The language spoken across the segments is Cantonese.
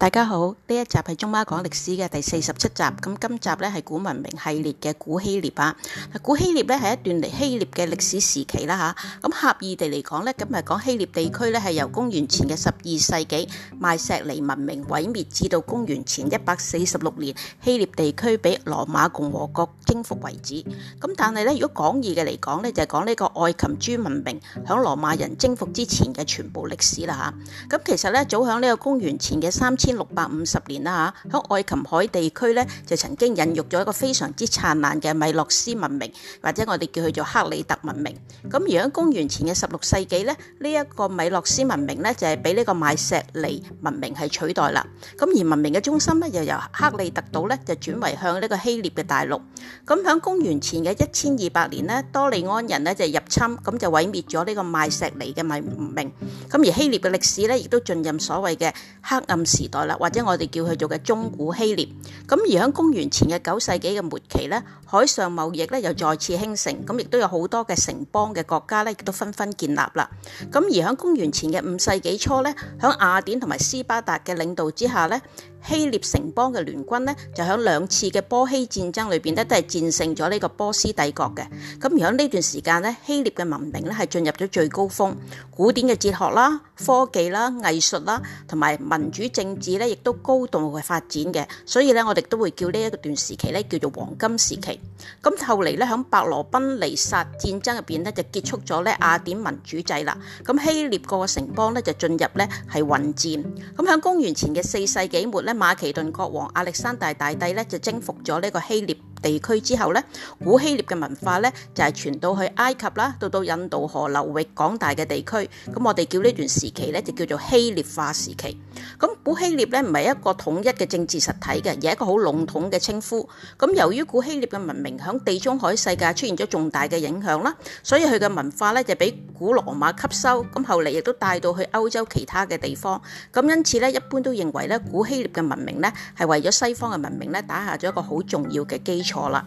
大家好，呢一集係中媽講歷史嘅第四十七集，咁今集呢係古文明系列嘅古希臘啊。古希臘呢係一段嚟希臘嘅歷史時期啦吓，咁狹義地嚟講呢，咁係講希臘地區呢係由公元前嘅十二世紀邁錫尼文明毀滅至到公元前一百四十六年希臘地區俾羅馬共和國征服為止。咁但係呢，如果廣義嘅嚟講呢，就係講呢個愛琴諸文明響羅馬人征服之前嘅全部歷史啦吓。咁其實呢，早響呢個公元前嘅三千。千六百五十年啦吓，響愛琴海地區咧就曾經孕育咗一個非常之燦爛嘅米洛斯文明，或者我哋叫佢做克里特文明。咁而喺公元前嘅十六世紀咧，呢一個米洛斯文明咧就係俾呢個邁錫尼文明係取代啦。咁而文明嘅中心咧又由克里特島咧就轉為向呢個希臘嘅大陸。咁響公元前嘅一千二百年咧，多利安人咧就入侵，咁就毀滅咗呢個邁錫尼嘅文明。咁而希臘嘅歷史咧亦都進入所謂嘅黑暗時代。或者我哋叫佢做嘅中古希臘，咁而喺公元前嘅九世紀嘅末期咧，海上貿易咧又再次興盛，咁亦都有好多嘅城邦嘅國家咧都紛紛建立啦。咁而喺公元前嘅五世紀初咧，喺雅典同埋斯巴達嘅領導之下咧。希臘城邦嘅聯軍呢，就喺兩次嘅波希戰爭裏邊呢，都係戰勝咗呢個波斯帝國嘅。咁而喺呢段時間呢，希臘嘅文明呢，係進入咗最高峰，古典嘅哲學啦、科技啦、藝術啦，同埋民主政治咧，亦都高度嘅發展嘅。所以咧，我哋都會叫呢一段時期咧叫做黃金時期。咁後嚟咧，喺伯羅奔尼撒戰爭入邊咧，就結束咗咧雅典民主制啦。咁希臘個城邦咧就進入咧係混戰。咁喺公元前嘅四世紀末。馬其頓國王亞歷山大大帝咧就征服咗呢個希臘。地區之後呢，古希臘嘅文化呢，就係傳到去埃及啦，到到印度河流域廣大嘅地區。咁我哋叫呢段時期呢，就叫做希臘化時期。咁古希臘呢，唔係一個統一嘅政治實體嘅，而係一個好籠統嘅稱呼。咁由於古希臘嘅文明響地中海世界出現咗重大嘅影響啦，所以佢嘅文化呢，就俾古羅馬吸收。咁後嚟亦都帶到去歐洲其他嘅地方。咁因此呢，一般都認為呢，古希臘嘅文明呢，係為咗西方嘅文明呢，打下咗一個好重要嘅基。巧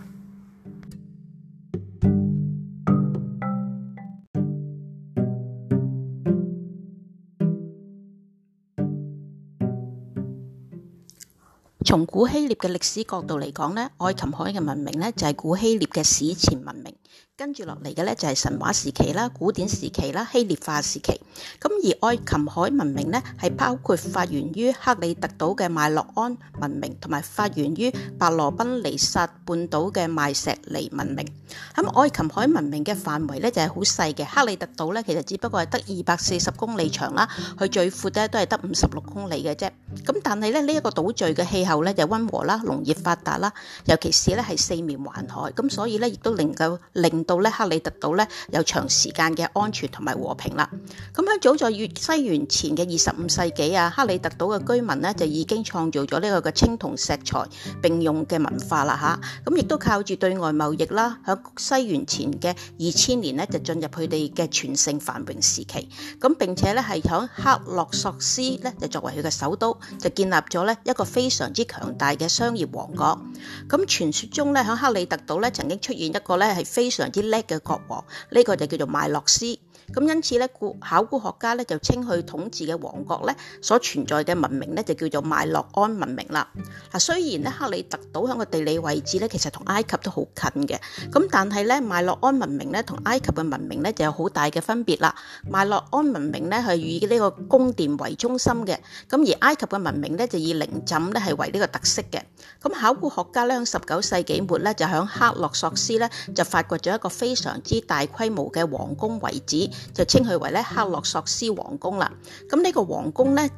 從古希臘嘅歷史角度嚟講咧，愛琴海嘅文明咧，就係古希臘嘅史前文明。跟住落嚟嘅咧就係神話時期啦、古典時期啦、希臘化時期。咁而愛琴海文明呢，係包括發源於克里特島嘅邁洛安文明，同埋發源於白羅賓尼薩半島嘅邁石尼文明。咁愛琴海文明嘅範圍呢，就係好細嘅，克里特島呢，其實只不過係得二百四十公里長啦，佢最闊咧都係得五十六公里嘅啫。咁但係咧呢一個島嶼嘅氣候呢，就溫和啦，農業發達啦，尤其是咧係四面環海，咁所以呢，亦都能夠。令到咧克里特島咧有長時間嘅安全同埋和平啦。咁喺早在越西元前嘅二十五世紀啊，克里特島嘅居民呢就已經創造咗呢個嘅青銅石材並用嘅文化啦吓，咁亦都靠住對外貿易啦，喺西元前嘅二千年呢，就進入佢哋嘅全盛繁榮時期。咁並且咧係喺克洛索斯咧就作為佢嘅首都，就建立咗呢一個非常之強大嘅商業王國。咁傳説中咧喺克里特島咧曾經出現一個咧係非。非常之叻嘅國王，呢、這個就叫做麥洛斯。咁因此咧，古考古學家咧就稱佢統治嘅王國咧所存在嘅文明咧就叫做邁洛安文明啦。嗱，雖然咧克里特島響個地理位置咧其實同埃及都好近嘅，咁但係咧邁洛安文明咧同埃及嘅文明咧就有好大嘅分別啦。邁洛安文明咧係以呢個宮殿為中心嘅，咁而埃及嘅文明咧就以陵寢咧係為呢個特色嘅。咁考古學家咧喺十九世紀末咧就響克洛索斯咧就發掘咗一個非常之大規模嘅王宮遺址。就稱佢為咧克洛索斯王宮啦。咁呢個王宮呢，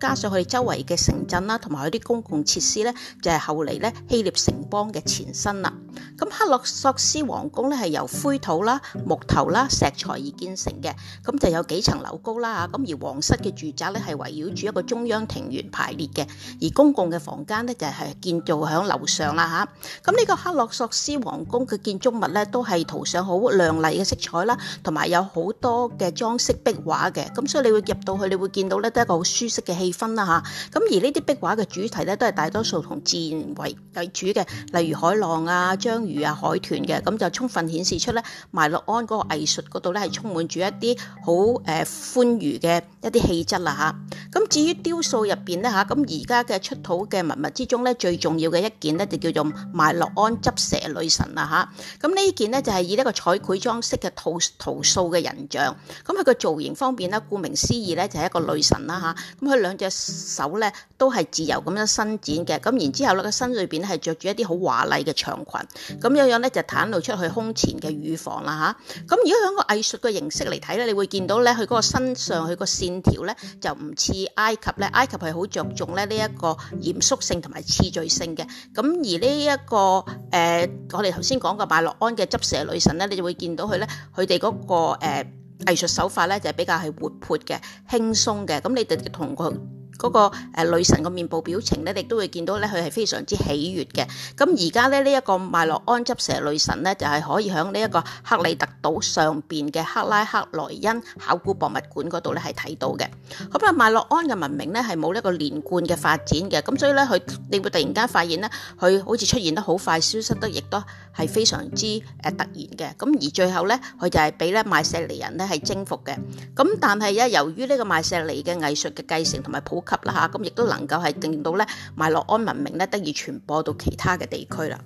加上佢周圍嘅城鎮啦，同埋佢啲公共設施呢，就係、是、後嚟呢，希臘城邦嘅前身啦。咁克洛索斯王宮咧，係由灰土啦、木頭啦、石材而建成嘅，咁就有幾層樓高啦吓。咁而皇室嘅住宅咧，係圍繞住一個中央庭園排列嘅，而公共嘅房間咧，就係建造響樓上啦吓。咁呢個克洛索斯王宮嘅建築物咧，都係塗上好亮麗嘅色彩啦，同埋有好多嘅裝飾壁畫嘅。咁所以你會入到去，你會見到咧，都係一個好舒適嘅氣氛啦吓。咁而呢啲壁畫嘅主題咧，都係大多數同自然為為主嘅，例如海浪啊。章魚啊，海豚嘅，咁就充分顯示出咧，邁洛安嗰個藝術嗰度咧係充滿住一啲好誒歡愉嘅一啲氣質啦吓，咁至於雕塑入邊咧吓，咁而家嘅出土嘅文物之中咧，最重要嘅一件咧就叫做邁洛安執蛇女神啦吓，咁呢件咧就係以一個彩繪裝飾嘅陶陶塑嘅人像。咁佢嘅造型方面咧，顧名思義咧就係一個女神啦吓，咁佢兩隻手咧都係自由咁樣伸展嘅。咁然之後咧，個身裏邊咧係著住一啲好華麗嘅長裙。咁樣樣咧就袒露出去胸前嘅乳房啦吓，咁如果喺個藝術嘅形式嚟睇咧，你會見到咧佢嗰個身上佢個線條咧就唔似埃及咧。埃及係好着重咧呢一個嚴肅性同埋次序性嘅。咁而呢、這、一個、呃、我哋頭先講嘅拜洛安嘅執蛇女神咧，你就會見到佢咧佢哋嗰個、呃、藝術手法咧就比較係活潑嘅、輕鬆嘅。咁你哋同佢。嗰個女神嘅面部表情咧，亦都會見到咧，佢係非常之喜悅嘅。咁而家咧呢一個邁洛安執蛇女神咧，就係可以喺呢一個克里特島上邊嘅克拉克萊恩考古博物館嗰度咧係睇到嘅。咁啊，邁洛安嘅文明咧係冇呢個連貫嘅發展嘅，咁所以咧佢，你會突然間發現咧，佢好似出現得好快，消失得亦都係非常之誒突然嘅。咁而最後咧，佢就係俾咧邁錫尼人咧係征服嘅。咁但係咧，由於呢個邁錫尼嘅藝術嘅繼承同埋普及。啦嚇，咁亦都能夠係令到咧，埋樂安文明咧得以傳播到其他嘅地區啦。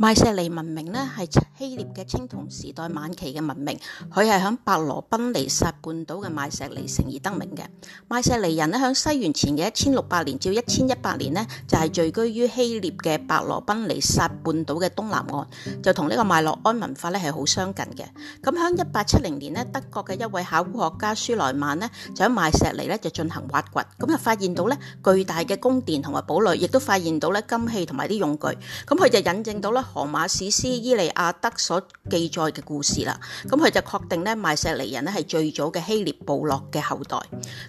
邁錫尼文明咧係希臘嘅青銅時代晚期嘅文明，佢係響伯羅奔尼撒半島嘅邁錫尼城而得名嘅。邁錫尼人咧響西元前嘅一千六百年至一千一百年呢，就係聚居於希臘嘅伯羅奔尼撒半島嘅東南岸，就同呢個邁洛安文化咧係好相近嘅。咁響一八七零年呢，德國嘅一位考古學家舒萊曼呢，就喺邁錫尼呢就進行挖掘，咁就發現到呢巨大嘅宮殿同埋堡壘，亦都發現到呢金器同埋啲用具，咁佢就引證到啦。《荷馬史詩伊利亞德》所記載嘅故事啦，咁佢就確定咧，麥石尼人咧係最早嘅希臘部落嘅後代。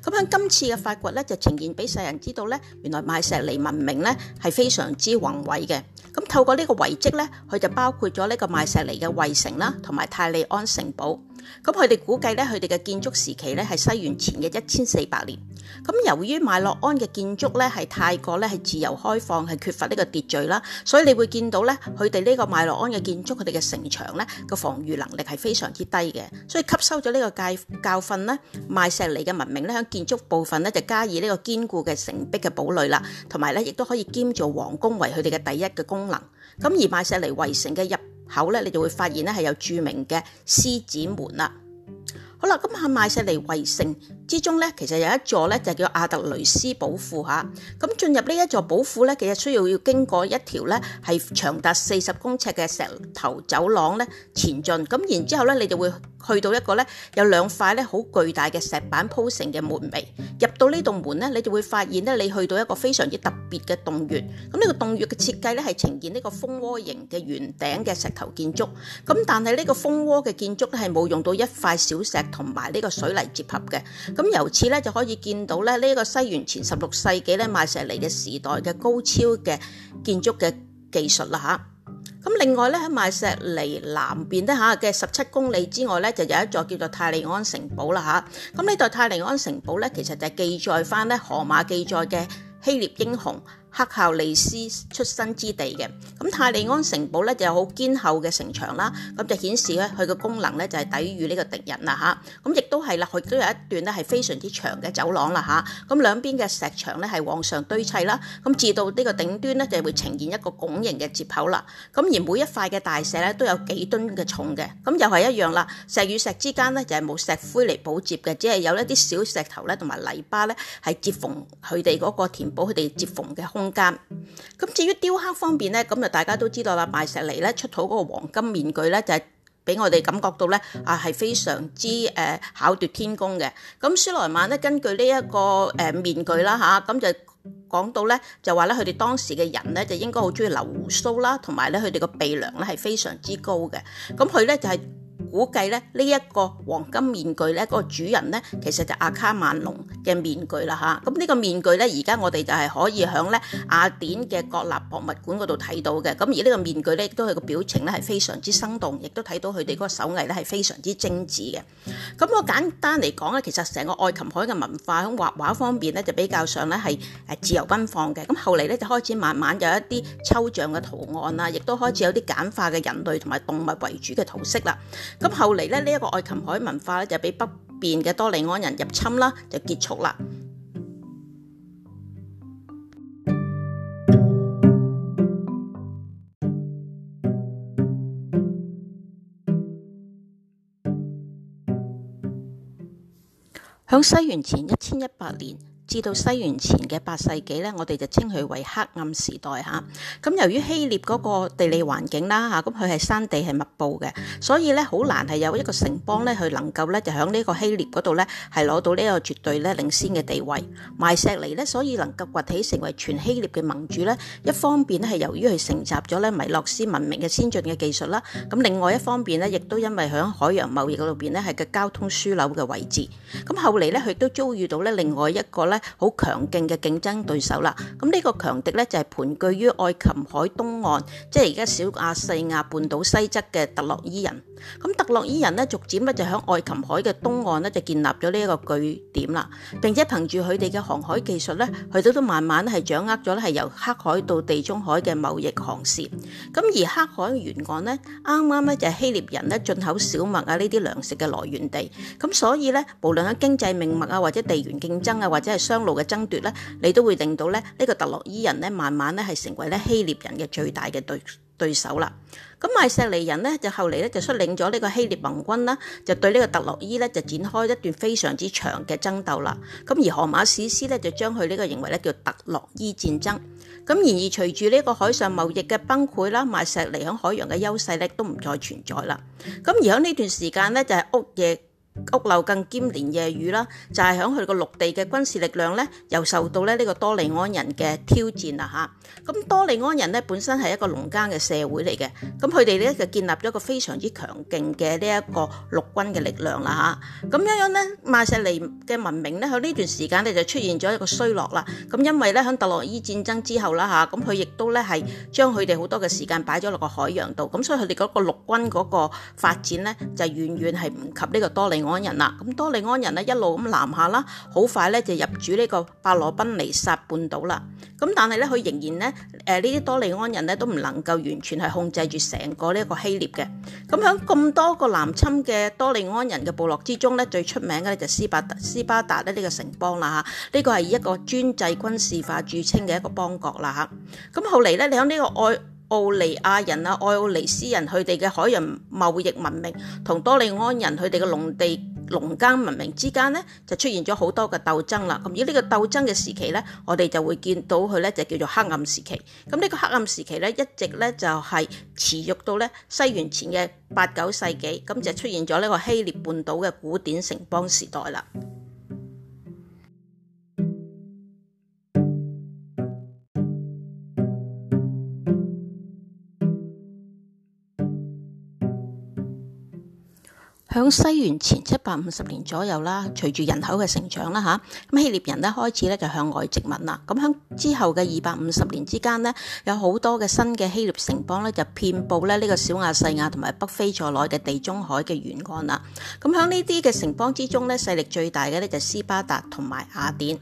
咁喺今次嘅發掘咧，就呈現俾世人知道咧，原來麥石尼文明咧係非常之宏偉嘅。咁透過呢個遺跡咧，佢就包括咗呢個麥石尼嘅衛城啦，同埋泰利安城堡。咁佢哋估計咧，佢哋嘅建築時期咧係西元前嘅一千四百年。咁由於麥洛安嘅建築咧，係泰國咧係自由開放，係缺乏呢個秩序啦，所以你會見到咧，佢哋呢個麥洛安嘅建築，佢哋嘅城牆咧，個防禦能力係非常之低嘅。所以吸收咗呢個教教訓咧，麥石尼嘅文明咧喺建築部分咧就加以呢個堅固嘅城壁嘅堡壘啦，同埋咧亦都可以兼做王宮為佢哋嘅第一嘅功能。咁而麥石尼圍城嘅入口咧，你就會發現咧，係有著名嘅獅子門啦。好啦，咁下邁錫尼衛城之中咧，其實有一座咧就叫阿特雷斯寶庫下咁、啊、進入呢一座寶庫咧，其實需要要經過一條咧係長達四十公尺嘅石頭走廊咧前進。咁然之後咧，你就會去到一個咧有兩塊咧好巨大嘅石板鋪成嘅門楣。入到呢道門咧，你就會發現咧你去到一個非常之特別嘅洞穴。咁呢個洞穴嘅設計咧係呈現呢個蜂窩形嘅圓頂嘅石頭建築。咁但係呢個蜂窩嘅建築咧係冇用到一塊小石。同埋呢個水泥接合嘅，咁由此咧就可以見到咧呢個西元前十六世紀咧邁錫尼嘅時代嘅高超嘅建築嘅技術啦嚇。咁另外咧喺邁錫尼南邊呢，嚇嘅十七公里之外咧就有一座叫做泰利安城堡啦嚇。咁呢座泰利安城堡咧其實就係記載翻咧荷馬記載嘅希臘英雄。克後利斯出身之地嘅，咁泰利安城堡咧就有好堅厚嘅城牆啦，咁就顯示咧佢嘅功能咧就係抵禦呢個敵人啦吓，咁亦都係啦，佢都有一段咧係非常之長嘅走廊啦吓，咁兩邊嘅石牆咧係往上堆砌啦，咁至到呢個頂端咧就會呈現一個拱形嘅接口啦，咁而每一塊嘅大石咧都有幾噸嘅重嘅，咁又係一樣啦，石與石之間咧就係冇石灰嚟補接嘅，只係有一啲小石頭咧同埋泥巴咧係接縫佢哋嗰個填補佢哋接縫嘅空空間。咁至於雕刻方面咧，咁就大家都知道啦。邁錫尼咧出土嗰個黃金面具咧，就係俾我哋感覺到咧啊，係非常之誒巧奪天工嘅。咁斯萊曼咧根據呢一個誒面具啦吓，咁就講到咧就話咧佢哋當時嘅人咧就應該好中意留胡鬚啦，同埋咧佢哋個鼻梁咧係非常之高嘅。咁佢咧就係、是。估計咧呢一個黃金面具咧，嗰個主人咧，其實就阿卡曼隆嘅面具啦嚇。咁、這、呢個面具咧，而家我哋就係可以喺咧雅典嘅國立博物館嗰度睇到嘅。咁而呢個面具咧，亦都係個表情咧係非常之生動，亦都睇到佢哋嗰個手藝咧係非常之精緻嘅。咁我簡單嚟講咧，其實成個愛琴海嘅文化喺畫畫方面咧就比較上咧係誒自由奔放嘅。咁後嚟咧就開始慢慢有一啲抽象嘅圖案啊，亦都開始有啲簡化嘅人類同埋動物為主嘅圖式啦。咁後嚟咧，呢、這、一個愛琴海文化咧就畀北邊嘅多利安人入侵啦，就結束喇。喺西元前一千一百年。直到西元前嘅八世紀咧，我哋就稱佢為黑暗時代嚇。咁由於希臘嗰個地理環境啦嚇，咁佢係山地係密佈嘅，所以咧好難係有一個城邦咧去能夠咧就喺呢個希臘嗰度咧係攞到呢個絕對咧領先嘅地位。邁石尼咧，所以能夠崛起成為全希臘嘅盟主咧，一方面咧係由於佢承襲咗咧米諾斯文明嘅先進嘅技術啦，咁另外一方面咧亦都因為喺海洋貿易嗰度邊咧係個交通樞紐嘅位置。咁後嚟咧，佢都遭遇到咧另外一個咧。好強勁嘅競爭對手啦。咁呢個強敵呢，就係盤踞於愛琴海東岸，即係而家小亞細亞半島西側嘅特洛伊人。咁特洛伊人呢，逐漸咧就喺愛琴海嘅東岸呢，就建立咗呢一個據點啦。並且憑住佢哋嘅航海技術呢，佢哋都慢慢係掌握咗係由黑海到地中海嘅貿易航線。咁而黑海沿岸呢，啱啱呢，就係希臘人呢進口小麥啊呢啲糧食嘅來源地。咁所以呢，無論喺經濟命脈啊，或者地緣競爭啊，或者係，商路嘅爭奪咧，你都會令到咧呢個特洛伊人咧，慢慢咧係成為咧希臘人嘅最大嘅對對手啦。咁邁錫尼人呢，就後嚟咧就率領咗呢個希臘盟軍啦，就對呢個特洛伊咧就展開一段非常之長嘅爭鬥啦。咁而荷馬史詩咧就將佢呢個認為咧叫特洛伊戰爭。咁然而隨住呢個海上貿易嘅崩潰啦，邁錫尼喺海洋嘅優勢咧都唔再存在啦。咁而喺呢段時間咧就係、是、屋業。屋漏更兼連夜雨啦，就係響佢個陸地嘅軍事力量咧，又受到咧呢個多利安人嘅挑戰啦吓。咁多利安人咧本身係一個農耕嘅社會嚟嘅，咁佢哋咧就建立咗一個非常之強勁嘅呢一個陸軍嘅力量啦吓。咁樣樣咧，邁錫尼嘅文明咧喺呢段時間咧就出現咗一個衰落啦。咁因為咧響特洛伊戰爭之後啦吓，咁佢亦都咧係將佢哋好多嘅時間擺咗落個海洋度，咁所以佢哋嗰個陸軍嗰個發展咧就遠遠係唔及呢個多利安，安人啦，咁多利安人呢，一路咁南下啦，好快咧就入主呢個伯羅奔尼撒半島啦。咁但係咧，佢仍然咧，誒呢啲多利安人咧都唔能夠完全係控制住成個呢個希臘嘅。咁響咁多個南侵嘅多利安人嘅部落之中咧，最出名嘅咧就斯巴達，斯巴達咧呢個城邦啦吓，呢、這個係一個專制軍事化著稱嘅一個邦國啦吓。咁後嚟咧，你響呢個愛奧尼亞人啊，愛奧尼斯人佢哋嘅海洋貿易文明，同多利安人佢哋嘅農地農耕文明之間呢，就出現咗好多嘅鬥爭啦。咁而呢個鬥爭嘅時期呢，我哋就會見到佢呢，就叫做黑暗時期。咁呢個黑暗時期呢，一直呢，就係持續到呢西元前嘅八九世紀，咁就出現咗呢個希臘半島嘅古典城邦時代啦。喺西元前七百五十年左右啦，隨住人口嘅成長啦，吓，咁希臘人咧開始咧就向外殖民啦。咁喺之後嘅二百五十年之間呢，有好多嘅新嘅希臘城邦咧就遍佈咧呢個小亞細亞同埋北非在內嘅地中海嘅沿岸啦。咁喺呢啲嘅城邦之中咧，勢力最大嘅咧就係斯巴達同埋雅典。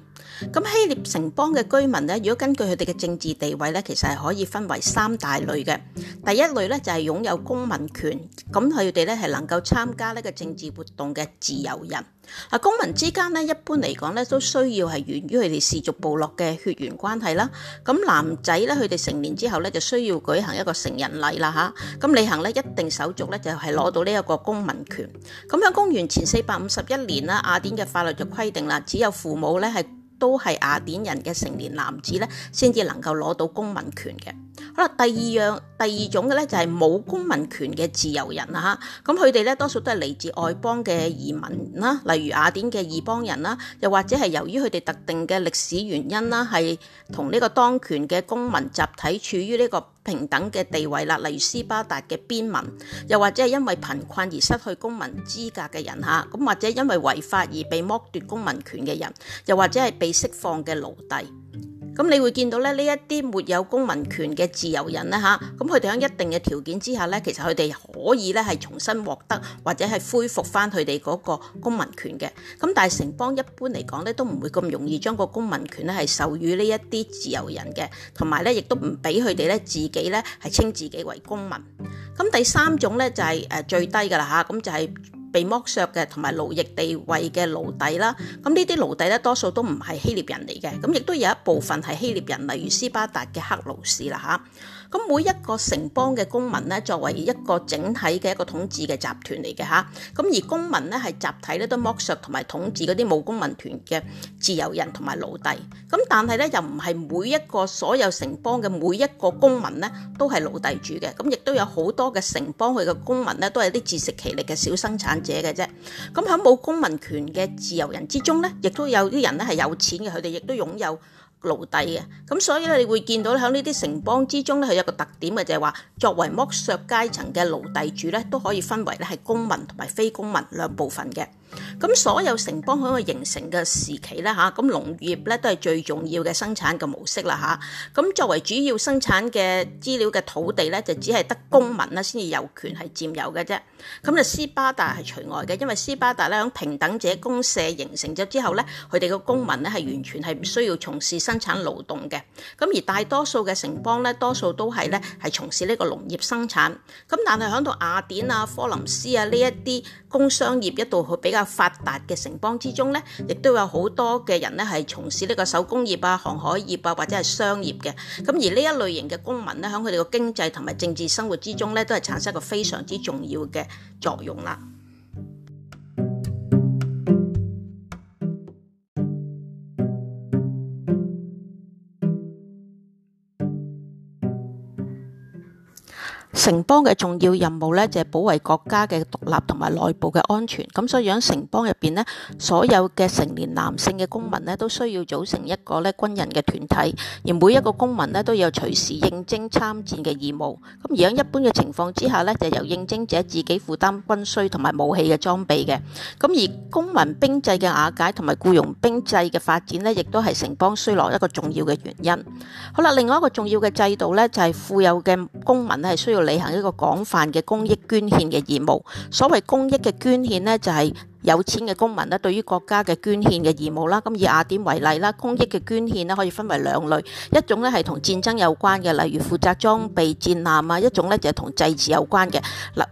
咁希臘城邦嘅居民咧，如果根據佢哋嘅政治地位咧，其實係可以分為三大類嘅。第一類咧就係、是、擁有公民權，咁佢哋咧係能夠參加呢個政治活動嘅自由人。啊，公民之間咧一般嚟講咧都需要係源於佢哋氏族部落嘅血緣關係啦。咁男仔咧佢哋成年之後咧就需要舉行一個成人禮啦吓。咁履行咧一定手續咧就係攞到呢一個公民權。咁喺公元前四百五十一年啦，雅典嘅法律就規定啦，只有父母咧係。是都係雅典人嘅成年男子咧，先至能夠攞到公民權嘅。好啦，第二樣、第二種嘅咧就係冇公民權嘅自由人啦嚇。咁佢哋咧多數都係嚟自外邦嘅移民啦，例如雅典嘅異邦人啦，又或者係由於佢哋特定嘅歷史原因啦，係同呢個當權嘅公民集體處於呢個平等嘅地位啦，例如斯巴達嘅邊民，又或者係因為貧困而失去公民資格嘅人吓，咁或者因為違法而被剝奪公民權嘅人，又或者係被釋放嘅奴隸。咁你會見到咧，呢一啲沒有公民權嘅自由人咧嚇，咁佢哋喺一定嘅條件之下咧，其實佢哋可以咧係重新獲得或者係恢復返佢哋嗰個公民權嘅。咁但係城邦一般嚟講咧，都唔會咁容易將個公民權咧係授予呢一啲自由人嘅，同埋咧亦都唔俾佢哋咧自己咧係稱自己為公民。咁第三種咧就係最低㗎啦嚇，咁就係、是。被剝削嘅同埋奴役地位嘅奴隸啦，咁呢啲奴隸咧多數都唔係希臘人嚟嘅，咁亦都有一部分係希臘人，例如斯巴達嘅黑奴士啦嚇。咁每一個城邦嘅公民咧，作為一個整體嘅一個統治嘅集團嚟嘅吓，咁而公民咧係集體咧都剝削同埋統治嗰啲冇公民權嘅自由人同埋奴隸。咁但係咧又唔係每一個所有城邦嘅每一個公民咧都係奴隸主嘅，咁亦都有好多嘅城邦佢嘅公民咧都係啲自食其力嘅小生產者嘅啫。咁喺冇公民權嘅自由人之中咧，亦都有啲人咧係有錢嘅，佢哋亦都擁有。奴隸嘅，咁所以咧你會見到咧喺呢啲城邦之中咧，佢有一個特點嘅，就係話作為剝削階層嘅奴隸主咧，都可以分為咧係公民同埋非公民兩部分嘅。咁所有城邦喺個形成嘅時期咧嚇，咁農業咧都係最重要嘅生產嘅模式啦嚇。咁作為主要生產嘅資料嘅土地咧，就只係得公民咧先至有權係佔有嘅啫。咁啊，斯巴達係除外嘅，因為斯巴達咧喺平等者公社形成咗之後咧，佢哋嘅公民咧係完全係唔需要從事生產勞動嘅。咁而大多數嘅城邦咧，多數都係咧係從事呢個農業生產。咁但係喺到雅典啊、科林斯啊呢一啲工商業一度去比較較發達嘅城邦之中咧，亦都有好多嘅人咧係從事呢個手工業啊、航海業啊或者係商業嘅。咁而呢一類型嘅公民咧，喺佢哋個經濟同埋政治生活之中咧，都係產生一個非常之重要嘅作用啦。城邦嘅重要任務呢，就係保衞國家嘅獨立同埋內部嘅安全。咁所以喺城邦入邊呢，所有嘅成年男性嘅公民呢，都需要組成一個咧軍人嘅團體，而每一個公民呢，都有隨時應徵參戰嘅義務。咁而喺一般嘅情況之下呢，就由應徵者自己負擔軍需同埋武器嘅裝備嘅。咁而公民兵制嘅瓦解同埋僱傭兵制嘅發展呢，亦都係城邦衰落一個重要嘅原因。好啦，另外一個重要嘅制度呢，就係富有嘅公民咧，係需要你行一個廣泛嘅公益捐獻嘅義務，所謂公益嘅捐獻呢，就係有錢嘅公民咧，對於國家嘅捐獻嘅義務啦。咁以雅典為例啦，公益嘅捐獻咧可以分為兩類，一種呢係同戰爭有關嘅，例如負責裝備戰艦啊；一種呢就係同祭祀有關嘅，嗱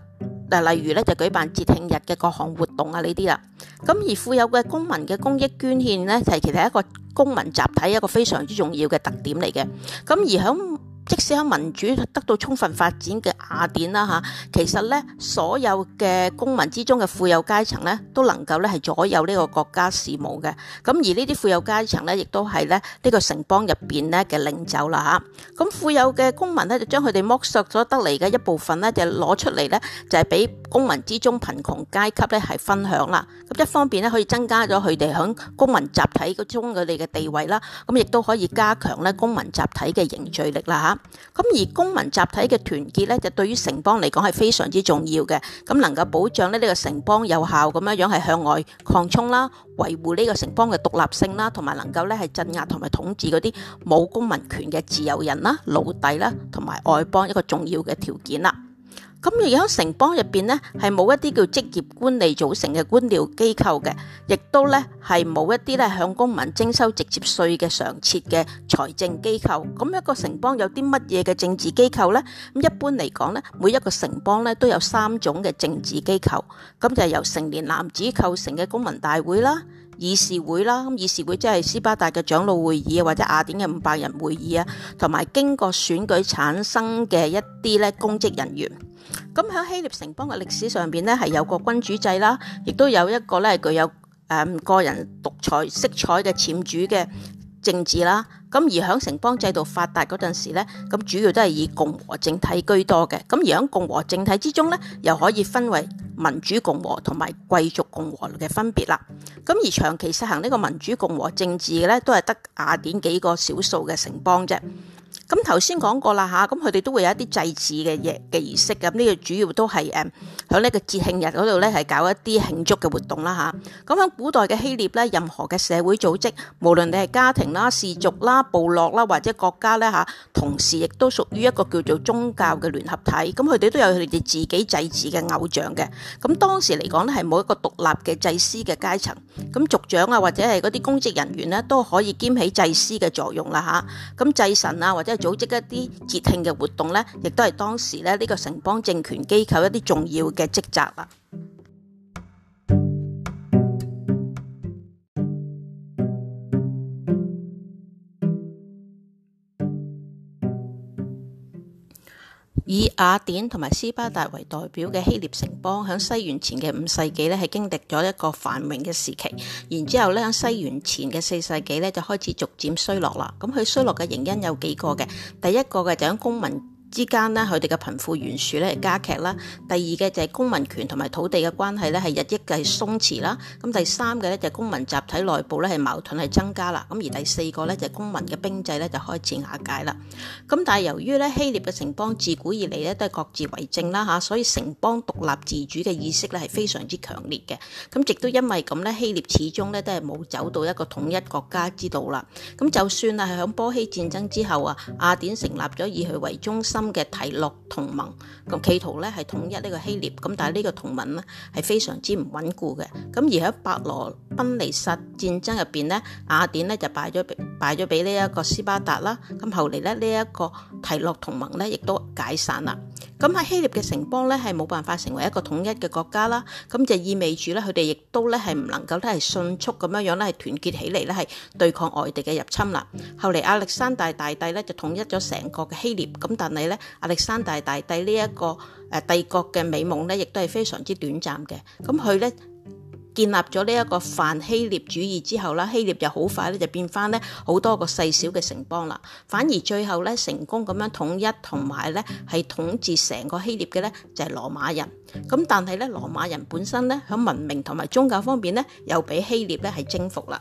嗱例如呢就舉辦節慶日嘅各項活動啊呢啲啦。咁而富有嘅公民嘅公益捐獻呢就係其實一個公民集體一個非常之重要嘅特點嚟嘅。咁而響即使喺民主得到充分發展嘅雅典啦嚇，其實咧所有嘅公民之中嘅富有階層咧都能夠咧係左右呢個國家事務嘅。咁而呢啲富有階層咧，亦都係咧呢個城邦入邊咧嘅領袖啦嚇。咁富有嘅公民咧就將佢哋剝削咗得嚟嘅一部分咧，就攞出嚟咧就係俾公民之中貧窮階級咧係分享啦。咁一方面咧可以增加咗佢哋喺公民集體中佢哋嘅地位啦，咁亦都可以加強咧公民集體嘅凝聚力啦嚇。咁而公民集體嘅團結咧，就對於城邦嚟講係非常之重要嘅。咁能夠保障呢個城邦有效咁樣樣係向外擴充啦，維護呢個城邦嘅獨立性啦，同埋能夠咧係鎮壓同埋統治嗰啲冇公民權嘅自由人啦、奴隸啦，同埋外邦一個重要嘅條件啦。咁而喺城邦入邊呢，係冇一啲叫職業官吏組成嘅官僚機構嘅，亦都呢係冇一啲呢向公民徵收直接稅嘅常設嘅財政機構。咁一個城邦有啲乜嘢嘅政治機構呢？咁一般嚟講呢，每一個城邦呢都有三種嘅政治機構。咁就係由成年男子構成嘅公民大會啦、議事會啦。咁議事會即係斯巴達嘅長老會議或者雅典嘅五百人會議啊，同埋經過選舉產生嘅一啲咧公職人員。咁喺希臘城邦嘅歷史上邊咧，係有個君主制啦，亦都有一個咧具有誒個人獨裁色彩嘅僭主嘅政治啦。咁而喺城邦制度發達嗰陣時咧，咁主要都係以共和政體居多嘅。咁而喺共和政體之中咧，又可以分為民主共和同埋貴族共和嘅分別啦。咁而長期實行呢個民主共和政治嘅咧，都係得雅典幾個少數嘅城邦啫。咁頭先講過啦嚇，咁佢哋都會有一啲祭祀嘅嘢嘅儀式咁，呢個主要都係誒喺呢個節慶日嗰度咧，係搞一啲慶祝嘅活動啦嚇。咁喺古代嘅希臘咧，任何嘅社會組織，無論你係家庭啦、氏族啦、部落啦或者國家咧嚇，同時亦都屬於一個叫做宗教嘅聯合體。咁佢哋都有佢哋自己祭祀嘅偶像嘅。咁當時嚟講咧，係冇一個獨立嘅祭司嘅階層。咁族長啊，或者係嗰啲公職人員咧都可以兼起祭司嘅作用啦嚇，咁祭神啊或者。組織一啲節慶嘅活動咧，亦都係當時咧呢個城邦政權機構一啲重要嘅職責啊。以雅典同埋斯巴達為代表嘅希臘城邦，喺西元前嘅五世紀咧係經歷咗一個繁榮嘅時期，然後咧喺西元前嘅四世紀咧就開始逐漸衰落啦。咁佢衰落嘅原因有幾個嘅，第一個嘅就係公民。之間呢，佢哋嘅貧富懸殊咧係加劇啦。第二嘅就係公民權同埋土地嘅關係咧，係日益嘅鬆弛啦。咁第三嘅咧就係公民集體內部咧係矛盾係增加啦。咁而第四個咧就係公民嘅兵制咧就開始瓦解啦。咁但係由於咧希臘嘅城邦自古以嚟咧都係各自為政啦吓，所以城邦獨立自主嘅意識咧係非常之強烈嘅。咁亦都因為咁咧，希臘始終咧都係冇走到一個統一國家之道啦。咁就算啊係響波希戰爭之後啊，雅典成立咗以佢為中心嘅提洛同盟咁企圖咧係統一呢個希臘，咁但係呢個同盟呢，係非常之唔穩固嘅，咁而喺伯羅奔尼撒戰爭入邊呢，雅典呢，就敗咗敗咗俾呢一個斯巴達啦，咁後嚟咧呢一個提洛同盟呢，亦都解散啦，咁喺希臘嘅城邦呢，係冇辦法成為一個統一嘅國家啦，咁就意味住呢，佢哋亦都咧係唔能夠咧係迅速咁樣樣咧係團結起嚟咧係對抗外地嘅入侵啦，後嚟亞歷山大大帝咧就統一咗成個嘅希臘，咁但係。咧亞歷山大大帝呢一個誒帝國嘅美夢咧，亦都係非常之短暫嘅。咁佢咧建立咗呢一個泛希臘主義之後啦，希臘又好快咧就變翻咧好多個細小嘅城邦啦。反而最後咧成功咁樣統一同埋咧係統治成個希臘嘅咧就係羅馬人。咁但係咧羅馬人本身咧喺文明同埋宗教方面咧又俾希臘咧係征服啦。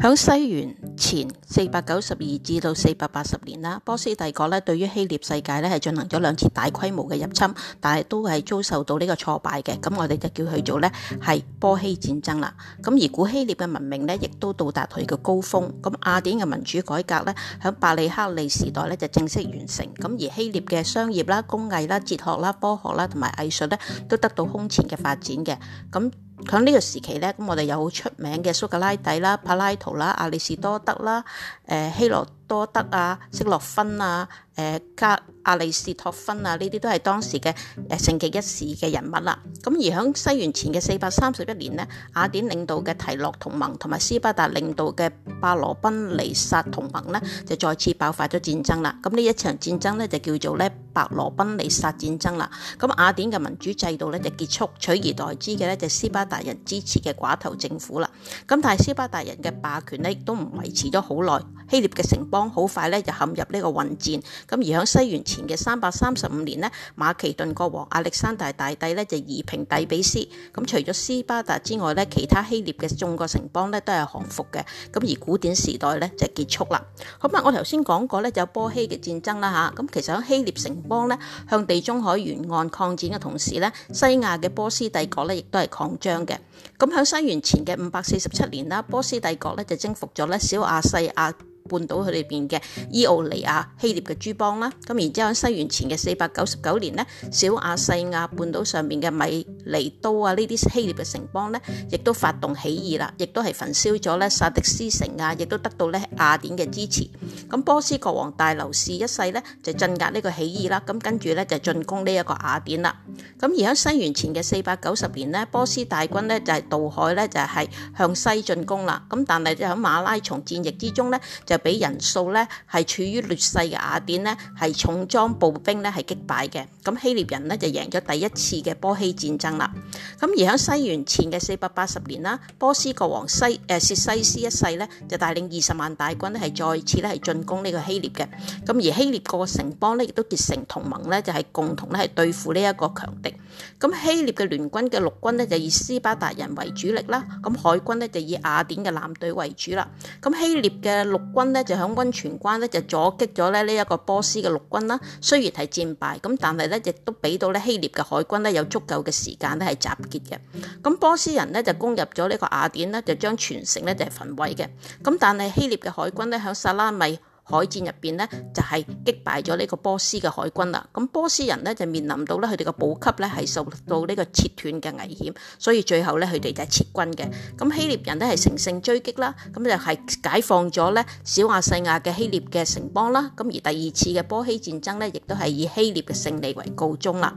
喺西元前四百九十二至到四百八十年啦，波斯帝國咧對於希臘世界咧係進行咗兩次大規模嘅入侵，但係都係遭受到呢個挫敗嘅。咁我哋就叫佢做咧係波希戰爭啦。咁而古希臘嘅文明咧亦都到達佢嘅高峰。咁雅典嘅民主改革咧，響伯利克利時代咧就正式完成。咁而希臘嘅商業啦、工藝啦、哲學啦、科學啦同埋藝術咧，都得到空前嘅發展嘅。咁喺呢個時期咧，咁我哋有好出名嘅蘇格拉底啦、柏拉圖啦、亞里士多德啦、誒希羅多德啊、色諾芬啊、誒加阿里士托芬啊，呢啲都係當時嘅誒、啊、盛極一時嘅人物啦。咁而響西元前嘅四百三十一年咧，雅典領導嘅提洛同盟同埋斯巴達領導嘅巴羅賓尼撒同盟咧，就再次爆發咗戰爭啦。咁呢一場戰爭咧就叫做咧巴羅賓尼撒戰爭啦。咁雅典嘅民主制度咧就結束，取而代之嘅咧就是、斯巴達人支持嘅寡頭政府啦。咁但係斯巴達人嘅霸權咧亦都唔維持咗好耐，希臘嘅城邦。好快咧就陷入呢個混戰咁，而喺西元前嘅三百三十五年呢，馬其頓國王亞歷山大大帝咧就夷平底比斯咁。除咗斯巴達之外咧，其他希臘嘅眾國城邦咧都係降服嘅咁。而古典時代咧就結束啦。咁啊，我頭先講過咧就有波希嘅戰爭啦嚇咁，其實喺希臘城邦咧向地中海沿岸擴展嘅同時咧，西亞嘅波斯帝國咧亦都係擴張嘅。咁喺西元前嘅五百四十七年啦，波斯帝國咧就征服咗咧小亞細亞。半島裏邊嘅伊奧尼亞希臘嘅諸邦啦，咁然之後喺西元前嘅四百九十九年呢，小亞細亞半島上面嘅米利都啊呢啲希臘嘅城邦呢，亦都發動起義啦，亦都係焚燒咗咧薩迪斯城啊，亦都得到咧雅典嘅支持。咁波斯國王大流士一世呢，就鎮壓呢個起義啦，咁跟住咧就進攻呢一個雅典啦。咁而喺西元前嘅四百九十年呢，波斯大軍呢，就係渡海呢，就係向西進攻啦。咁但係就喺馬拉松戰役之中呢，就俾人數咧係處於劣勢嘅雅典呢，係重裝步兵呢，係擊敗嘅，咁希臘人呢，就贏咗第一次嘅波希戰爭啦。咁而響西元前嘅四百八十年啦，波斯國王西誒薛西斯一世呢，就帶領二十萬大軍呢，係再次咧係進攻呢個希臘嘅。咁而希臘各個城邦呢，亦都結成同盟呢，就係共同咧係對付呢一個強敵。咁希臘嘅聯軍嘅陸軍呢，就以斯巴達人為主力啦，咁海軍呢，就以雅典嘅艦隊為主啦。咁希臘嘅陸軍。咧就喺溫泉關咧就阻擊咗咧呢一個波斯嘅陸軍啦，雖然係戰敗，咁但係咧亦都俾到咧希臘嘅海軍咧有足夠嘅時間咧係集結嘅，咁波斯人呢就攻入咗呢個雅典呢，就將全城咧就係焚毀嘅，咁但係希臘嘅海軍咧喺薩拉米。海戰入邊咧，就係擊敗咗呢個波斯嘅海軍啦。咁波斯人咧就面臨到咧佢哋嘅補給咧係受到呢個切斷嘅危險，所以最後咧佢哋就係撤軍嘅。咁希臘人咧係乘勝追擊啦，咁就係解放咗咧小亞細亞嘅希臘嘅城邦啦。咁而第二次嘅波希戰爭咧，亦都係以希臘嘅勝利為告終啦。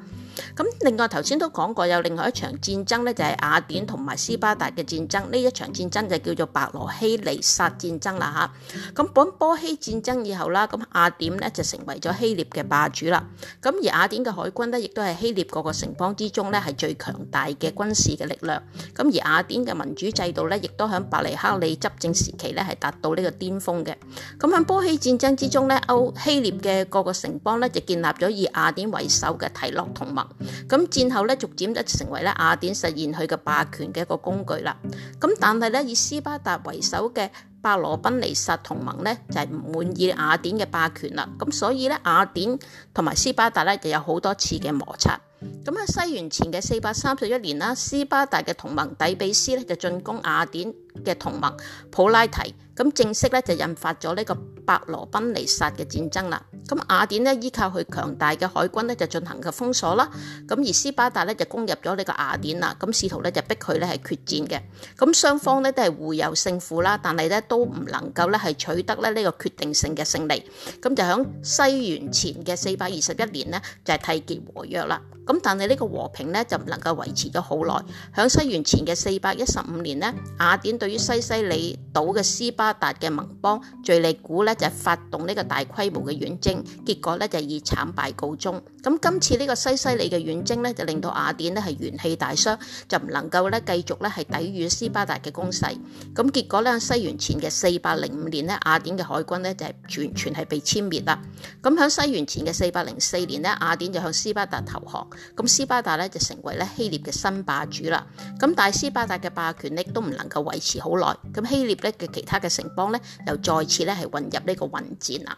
咁另外頭先都講過，有另外一場戰爭呢，就係雅典同埋斯巴達嘅戰爭。呢一場戰爭就叫做伯羅奔尼撒戰爭啦嚇。咁本波希戰爭以後啦，咁雅典呢就成為咗希臘嘅霸主啦。咁而雅典嘅海軍呢，亦都係希臘各個城邦之中呢係最強大嘅軍事嘅力量。咁而雅典嘅民主制度呢，亦都喺伯利克利執政時期呢係達到呢個巔峰嘅。咁喺波希戰爭之中呢，歐希臘嘅各個城邦呢，就建立咗以雅典為首嘅提洛同盟。咁戰後咧，逐漸咧成為咧雅典實現佢嘅霸權嘅一個工具啦。咁但係咧，以斯巴達為首嘅伯羅奔尼撒同盟咧，就係唔滿意雅典嘅霸權啦。咁所以咧，雅典同埋斯巴達咧，就有好多次嘅摩擦。咁喺西元前嘅四百三十一年啦，斯巴達嘅同盟底比斯咧就進攻雅典嘅同盟普拉提。咁正式咧就引發咗呢個伯羅奔尼撒嘅戰爭啦。咁雅典呢，依靠佢強大嘅海軍呢，就進行嘅封鎖啦。咁而斯巴達呢，就攻入咗呢個雅典啦。咁試圖呢，就逼佢呢係決戰嘅。咁雙方呢，都係互有勝負啦，但係呢，都唔能夠呢係取得咧呢個決定性嘅勝利。咁就喺西元前嘅四百二十一年呢，就係締結和約啦。咁但係呢個和平呢，就唔能夠維持咗好耐。喺西元前嘅四百一十五年呢，雅典對於西西里島嘅斯巴斯巴達嘅盟邦敍利古咧就係發動呢個大規模嘅遠征，結果咧就以慘敗告終。咁今次呢個西西里嘅遠征呢，就令到雅典呢係元氣大傷，就唔能夠咧繼續咧係抵禦斯巴達嘅攻勢。咁結果咧西元前嘅四百零五年呢，雅典嘅海軍呢就係完全係被殲滅啦。咁喺西元前嘅四百零四年呢，雅典就向斯巴達投降。咁斯巴達呢就成為咧希臘嘅新霸主啦。咁但係斯巴達嘅霸權力都唔能夠維持好耐。咁希臘咧嘅其他嘅城邦咧又再次咧係混入呢個混戰啦，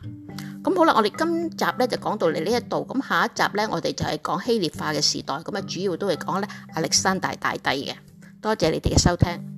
咁好啦，我哋今集咧就講到嚟呢一度，咁下一集咧我哋就係講希臘化嘅時代，咁啊主要都係講咧亞歷山大大帝嘅，多謝你哋嘅收聽。